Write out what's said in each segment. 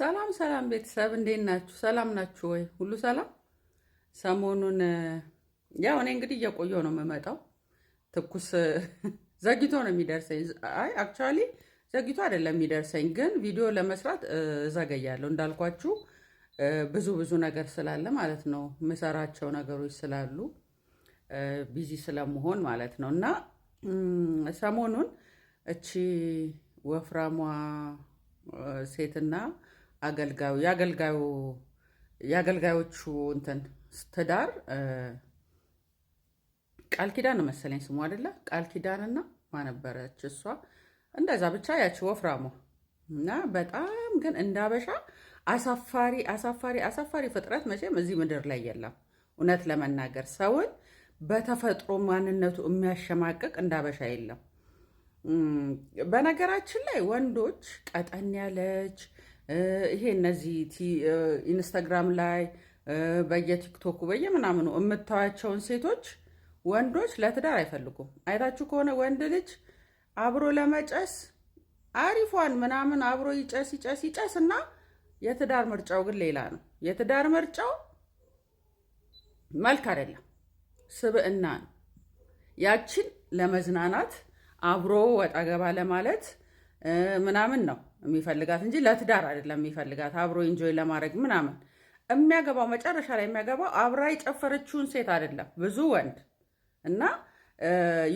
ሰላም ሰላም ቤተሰብ እንዴት ናችሁ? ሰላም ናችሁ ወይ? ሁሉ ሰላም። ሰሞኑን ያው እኔ እንግዲህ እየቆየሁ ነው የምመጣው። ትኩስ ዘግይቶ ነው የሚደርሰኝ። አይ አክቹዋሊ ዘግይቶ አይደለም የሚደርሰኝ፣ ግን ቪዲዮ ለመስራት እዘገያለሁ እንዳልኳችሁ ብዙ ብዙ ነገር ስላለ ማለት ነው የምሰራቸው ነገሮች ስላሉ ቢዚ ስለመሆን ማለት ነው። እና ሰሞኑን እቺ ወፍራሟ ሴትና አገልጋዩ የአገልጋዩ የአገልጋዮቹ እንትን ትዳር ቃል ኪዳን መሰለኝ ስሙ አይደለ? ቃል ኪዳንና ማነበረች እሷ እንደዛ ብቻ ያቺ ወፍራሙ እና በጣም ግን እንዳበሻ አሳፋሪ አሳፋሪ አሳፋሪ ፍጥረት መቼም እዚህ ምድር ላይ የለም። እውነት ለመናገር ሰውን በተፈጥሮ ማንነቱ የሚያሸማቅቅ እንዳበሻ የለም። በነገራችን ላይ ወንዶች ቀጠን ያለች ይሄ እነዚህ ኢንስታግራም ላይ በየቲክቶኩ በየምናምኑ የምታዩቸውን ሴቶች ወንዶች ለትዳር አይፈልጉም። አይታችሁ ከሆነ ወንድ ልጅ አብሮ ለመጨስ አሪፏን ምናምን አብሮ ይጨስ ይጨስ ይጨስ እና የትዳር ምርጫው ግን ሌላ ነው። የትዳር ምርጫው መልክ አይደለም፣ ስብዕና ነው። ያችን ለመዝናናት አብሮ ወጣ ገባ ለማለት ምናምን ነው የሚፈልጋት እንጂ ለትዳር አይደለም የሚፈልጋት አብሮ ኢንጆይ ለማድረግ ምናምን። የሚያገባው መጨረሻ ላይ የሚያገባው አብራ የጨፈረችውን ሴት አይደለም። ብዙ ወንድ እና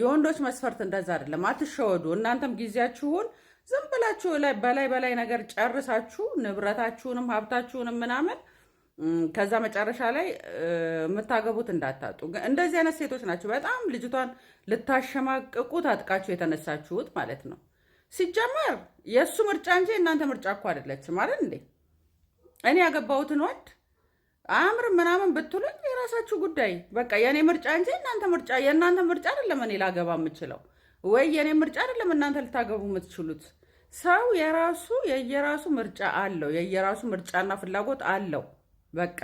የወንዶች መስፈርት እንደዛ አይደለም። አትሸወዱ። እናንተም ጊዜያችሁን ዝም ብላችሁ በላይ በላይ ነገር ጨርሳችሁ ንብረታችሁንም ሀብታችሁንም ምናምን ከዛ መጨረሻ ላይ የምታገቡት እንዳታጡ። እንደዚህ አይነት ሴቶች ናቸው በጣም ልጅቷን ልታሸማቅቁ ታጥቃችሁ የተነሳችሁት ማለት ነው። ሲጀመር የእሱ ምርጫ እንጂ እናንተ ምርጫ እኮ አይደለችም አይደል እንዴ? እኔ ያገባሁትን ወንድ አምር ምናምን ብትሉኝ የራሳችሁ ጉዳይ። በቃ የእኔ ምርጫ እንጂ እናንተ ምርጫ የእናንተ ምርጫ አይደለም። እኔ ላገባ የምችለው ወይ የእኔ ምርጫ አይደለም እናንተ ልታገቡ የምትችሉት። ሰው የራሱ የየራሱ ምርጫ አለው፣ የየራሱ ምርጫና ፍላጎት አለው። በቃ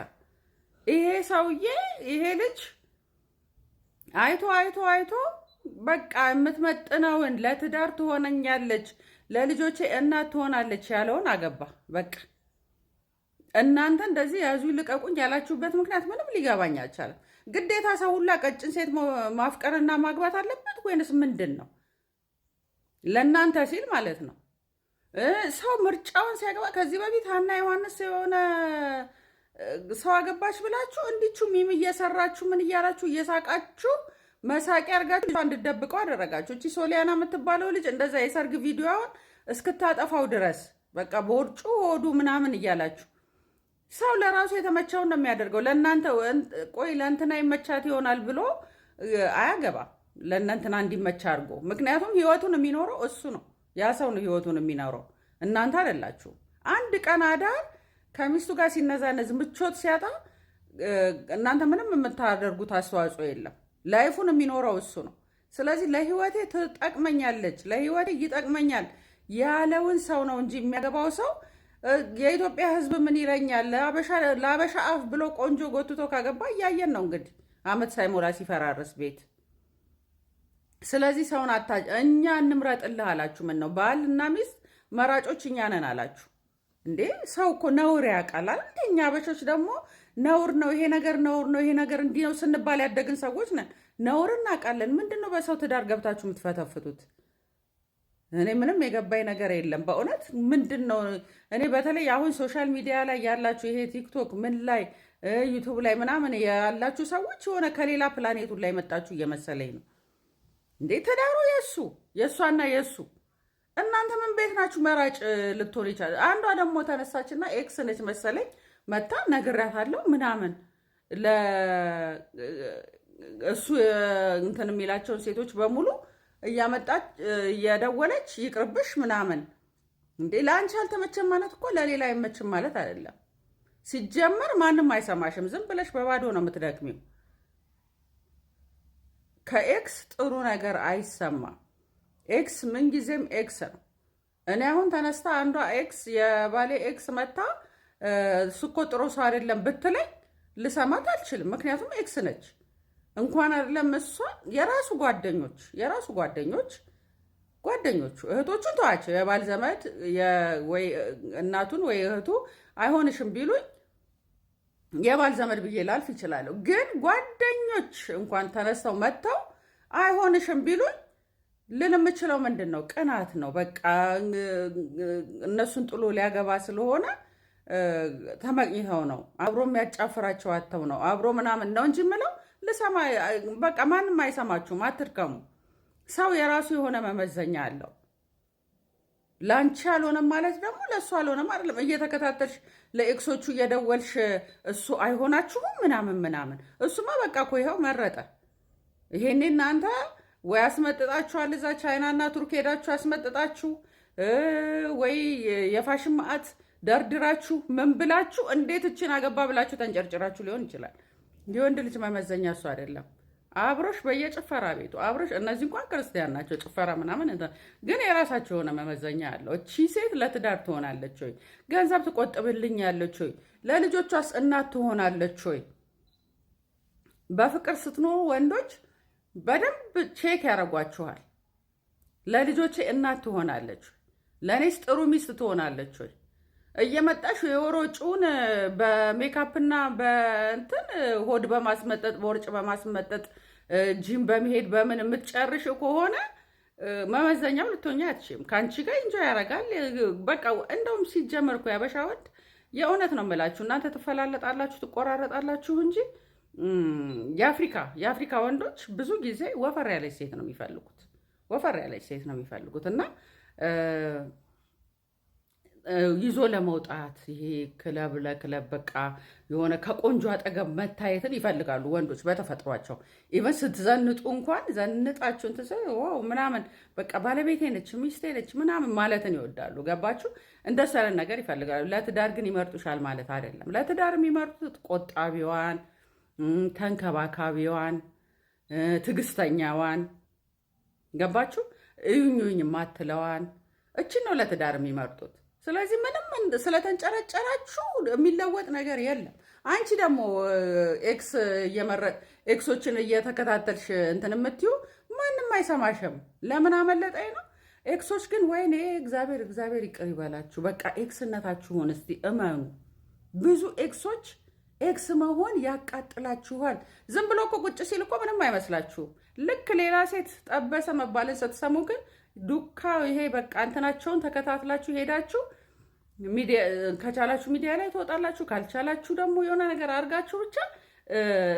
ይሄ ሰውዬ ይሄ ልጅ አይቶ አይቶ አይቶ በቃ የምትመጥነውን ለትዳር ትሆነኛለች፣ ለልጆቼ እናት ትሆናለች ያለውን አገባ። በቃ እናንተ እንደዚህ ያዙ ልቀቁኝ ያላችሁበት ምክንያት ምንም ሊገባኝ አልቻለም። ግዴታ ሰው ሁላ ቀጭን ሴት ማፍቀርና ማግባት አለበት ወይንስ ምንድን ነው? ለእናንተ ሲል ማለት ነው። ሰው ምርጫውን ሲያገባ ከዚህ በፊት ሀና ዮሐንስ የሆነ ሰው አገባች ብላችሁ እንዲችሁ ሚም እየሰራችሁ ምን እያላችሁ እየሳቃችሁ መሳቂያ አድርጋችሁ እንድደብቀው አደረጋችሁ። እቺ ሶሊያና የምትባለው ልጅ እንደዛ የሰርግ ቪዲዮውን እስክታጠፋው ድረስ በቃ በወርጩ ወዱ ምናምን እያላችሁ ሰው ለራሱ የተመቸውን ነው የሚያደርገው። ለእናንተ ቆይ ለእንትና ይመቻት ይሆናል ብሎ አያገባ ለእነንትና እንዲመቻ አድርጎ ምክንያቱም ህይወቱን የሚኖረው እሱ ነው። ያ ሰው ነው ህይወቱን የሚኖረው፣ እናንተ አይደላችሁም። አንድ ቀን አዳር ከሚስቱ ጋር ሲነዛነዝ ምቾት ሲያጣ እናንተ ምንም የምታደርጉት አስተዋጽኦ የለም። ላይፉን የሚኖረው እሱ ነው። ስለዚህ ለህይወቴ ትጠቅመኛለች፣ ለህይወቴ ይጠቅመኛል ያለውን ሰው ነው እንጂ የሚያገባው ሰው የኢትዮጵያ ህዝብ ምን ይለኛል ለአበሻ አፍ ብሎ ቆንጆ ጎትቶ ካገባ እያየን ነው እንግዲህ አመት ሳይሞላ ሲፈራረስ ቤት። ስለዚህ ሰውን አታ እኛ እንምረጥልህ አላችሁ። ምን ነው እና ሚስት መራጮች እኛ ነን አላችሁ እንዴ? ሰው እኮ ነውር ያውቃል። እኛ አበሾች ደግሞ ነውር ነው ይሄ ነገር፣ ነውር ነው ይሄ ነገር፣ እንዲህ ነው ስንባል ያደግን ሰዎች ነን። ነውር እናውቃለን። ምንድን ነው በሰው ትዳር ገብታችሁ የምትፈተፍቱት? እኔ ምንም የገባኝ ነገር የለም በእውነት ምንድን ነው። እኔ በተለይ አሁን ሶሻል ሚዲያ ላይ ያላችሁ ይሄ ቲክቶክ ምን ላይ ዩቱብ ላይ ምናምን ያላችሁ ሰዎች የሆነ ከሌላ ፕላኔቱ ላይ መጣችሁ እየመሰለኝ ነው። እንዴ ትዳሩ የእሱ የእሷና የእሱ እናንተ ምን ቤት ናችሁ? መራጭ ልትሆን ይቻላል። አንዷ ደግሞ ተነሳችና ኤክስ ነች መሰለኝ መታ ነግራታለሁ ምናምን እሱ እንትን የሚላቸውን ሴቶች በሙሉ እያመጣች እየደወለች ይቅርብሽ ምናምን። እንዴ ለአንቺ አልተመቸም ማለት እኮ ለሌላ አይመችም ማለት አይደለም። ሲጀመር ማንም አይሰማሽም፣ ዝም ብለሽ በባዶ ነው የምትደክሚው። ከኤክስ ጥሩ ነገር አይሰማም። ኤክስ ምንጊዜም ኤክስ ነው። እኔ አሁን ተነስታ አንዷ ኤክስ የባሌ ኤክስ መታ እሱ ጥሩ ሰው አይደለም ብትለኝ ልሰማት አልችልም። ምክንያቱም ኤክስ ነች። እንኳን አይደለም እሷ የራሱ ጓደኞች የራሱ ጓደኞች ጓደኞቹ እህቶቹን ተዋቸው፣ የባል ዘመድ ወይ እናቱን ወይ እህቱ አይሆንሽም ቢሉኝ የባል ዘመድ ብዬ ላልፍ ይችላለሁ። ግን ጓደኞች እንኳን ተነስተው መጥተው አይሆንሽም ቢሉኝ ልን የምችለው ምንድን ነው? ቅናት ነው። በቃ እነሱን ጥሎ ሊያገባ ስለሆነ ተመቅኝተው ነው አብሮ የሚያጫፍራቸው አተው ነው አብሮ ምናምን ነው እንጂ ምለው ልሰማ በቃ ማንም አይሰማችሁም፣ አትድከሙ። ሰው የራሱ የሆነ መመዘኛ አለው። ለአንቺ አልሆነም ማለት ደግሞ ለእሱ አልሆነም አይደለም። እየተከታተልሽ ለኤክሶቹ እየደወልሽ እሱ አይሆናችሁም ምናምን ምናምን። እሱማ በቃ እኮ ይኸው መረጠ። ይሄኔ እናንተ ወይ አስመጥጣችኋል፣ እዛ ቻይናና ቱርክ ሄዳችሁ አስመጥጣችሁ፣ ወይ የፋሽን መዓት ደርድራችሁ ምን ብላችሁ እንዴት እችን አገባ ብላችሁ ተንጨርጭራችሁ ሊሆን ይችላል። የወንድ ልጅ መመዘኛ እሱ አይደለም። አብሮሽ በየጭፈራ ቤቱ አብሮሽ እነዚህ እንኳን ክርስቲያን ናቸው፣ ጭፈራ ምናምን ግን የራሳቸው የሆነ መመዘኛ አለው። እቺ ሴት ለትዳር ትሆናለች ወይ? ገንዘብ ትቆጥብልኝ ያለች ወይ? ለልጆቿስ እናት ትሆናለች ወይ? በፍቅር ስትኖሩ ወንዶች በደንብ ቼክ ያደርጓችኋል። ለልጆቼ እናት ትሆናለች፣ ለእኔስ ጥሩ ሚስት ትሆናለች ወይ? እየመጣሽ የወሮጩን በሜካፕና በእንትን ሆድ በማስመጠጥ በወርጭ በማስመጠጥ ጂም በመሄድ በምን የምትጨርሽ ከሆነ መመዘኛም ልትሆኛ አትችም። ከአንቺ ጋር እንጆ ያረጋል። በቃ እንደውም ሲጀመርኩ ያበሻ ወንድ የእውነት ነው የምላችሁ እናንተ ትፈላለጣላችሁ፣ ትቆራረጣላችሁ እንጂ የአፍሪካ የአፍሪካ ወንዶች ብዙ ጊዜ ወፈር ያለች ሴት ነው የሚፈልጉት። ወፈር ያለች ሴት ነው የሚፈልጉት እና ይዞ ለመውጣት ይሄ ክለብ ለክለብ በቃ የሆነ ከቆንጆ አጠገብ መታየትን ይፈልጋሉ ወንዶች በተፈጥሯቸው። ኢቨን ስትዘንጡ እንኳን ዘንጣችሁ ዋው ምናምን በቃ ባለቤቴ ነች ሚስቴ ነች ምናምን ማለትን ይወዳሉ። ገባችሁ? እንደሱ ነገር ይፈልጋሉ። ለትዳር ግን ይመርጡሻል ማለት አይደለም። ለትዳር የሚመርጡት ቆጣቢዋን፣ ተንከባካቢዋን፣ ትዕግስተኛዋን ገባችሁ? እዩኝ እዩኝ ማትለዋን እችን ነው ለትዳር የሚመርጡት። ስለዚህ ምንም ስለተንጨረጨራችሁ የሚለወጥ ነገር የለም። አንቺ ደግሞ ኤክስ እየመረጥ ኤክሶችን እየተከታተልሽ እንትን የምትዩ ማንም አይሰማሽም። ለምን አመለጠኝ ነው። ኤክሶች ግን ወይኔ እግዚአብሔር እግዚአብሔር ይቅር ይበላችሁ። በቃ ኤክስነታችሁን እስቲ እመኑ። ብዙ ኤክሶች ኤክስ መሆን ያቃጥላችኋል። ዝም ብሎ እኮ ቁጭ ሲል እኮ ምንም አይመስላችሁ። ልክ ሌላ ሴት ጠበሰ መባልን ስትሰሙ ግን ዱካ ይሄ በቃ እንትናቸውን ተከታትላችሁ ሄዳችሁ ከቻላችሁ ሚዲያ ላይ ትወጣላችሁ፣ ካልቻላችሁ ደግሞ የሆነ ነገር አድርጋችሁ ብቻ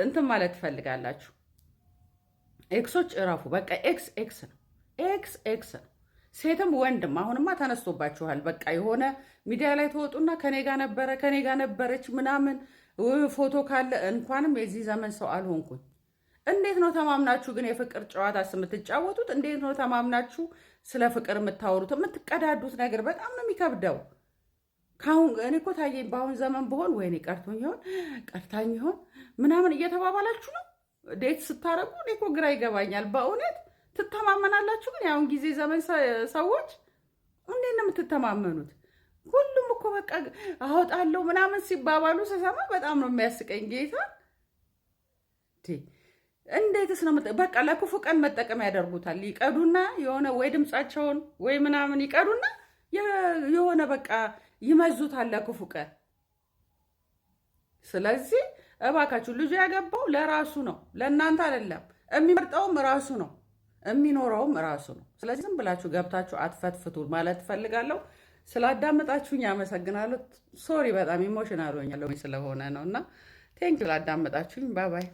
እንትን ማለት ትፈልጋላችሁ። ኤክሶች እረፉ። በቃ ኤክስ ኤክስ ነው፣ ኤክስ ኤክስ ነው። ሴትም ወንድም አሁንማ ተነስቶባችኋል። በቃ የሆነ ሚዲያ ላይ ተወጡና ከኔ ጋር ነበረ ከኔ ጋር ነበረች ምናምን ፎቶ ካለ እንኳንም የዚህ ዘመን ሰው አልሆንኩኝ እንዴት ነው ተማምናችሁ ግን የፍቅር ጨዋታ የምትጫወቱት? እንዴት ነው ተማምናችሁ ስለ ፍቅር የምታወሩት? የምትቀዳዱት ነገር በጣም ነው የሚከብደው። ካሁን እኔ እኮ ታየኝ። በአሁን ዘመን ብሆን ወይኔ ቀርቶኝ ይሆን ቀርታኝ ይሆን ምናምን እየተባባላችሁ ነው ዴት ስታረጉ። እኔ እኮ ግራ ይገባኛል በእውነት ትተማመናላችሁ። ግን የአሁን ጊዜ ዘመን ሰዎች እንዴት ነው የምትተማመኑት? ሁሉም እኮ በቃ አወጣለሁ ምናምን ሲባባሉ ስሰማ በጣም ነው የሚያስቀኝ ጌታ እንዴትስ ነው በቃ ለክፉ ቀን መጠቀም ያደርጉታል። ይቀዱና የሆነ ወይ ድምፃቸውን ወይ ምናምን ይቀዱና የሆነ በቃ ይመዙታል ለክፉ ቀን። ስለዚህ እባካችሁ ልጁ ያገባው ለራሱ ነው፣ ለእናንተ አይደለም። የሚመርጠውም ራሱ ነው፣ የሚኖረውም ራሱ ነው። ስለዚህ ዝም ብላችሁ ገብታችሁ አትፈትፍቱ ማለት እፈልጋለሁ። ስላዳመጣችሁኝ አመሰግናለሁ። ሶሪ በጣም ኢሞሽናል ሆኛለሁ ስለሆነ ነው እና ቴንክ ስላዳመጣችሁኝ ባባይ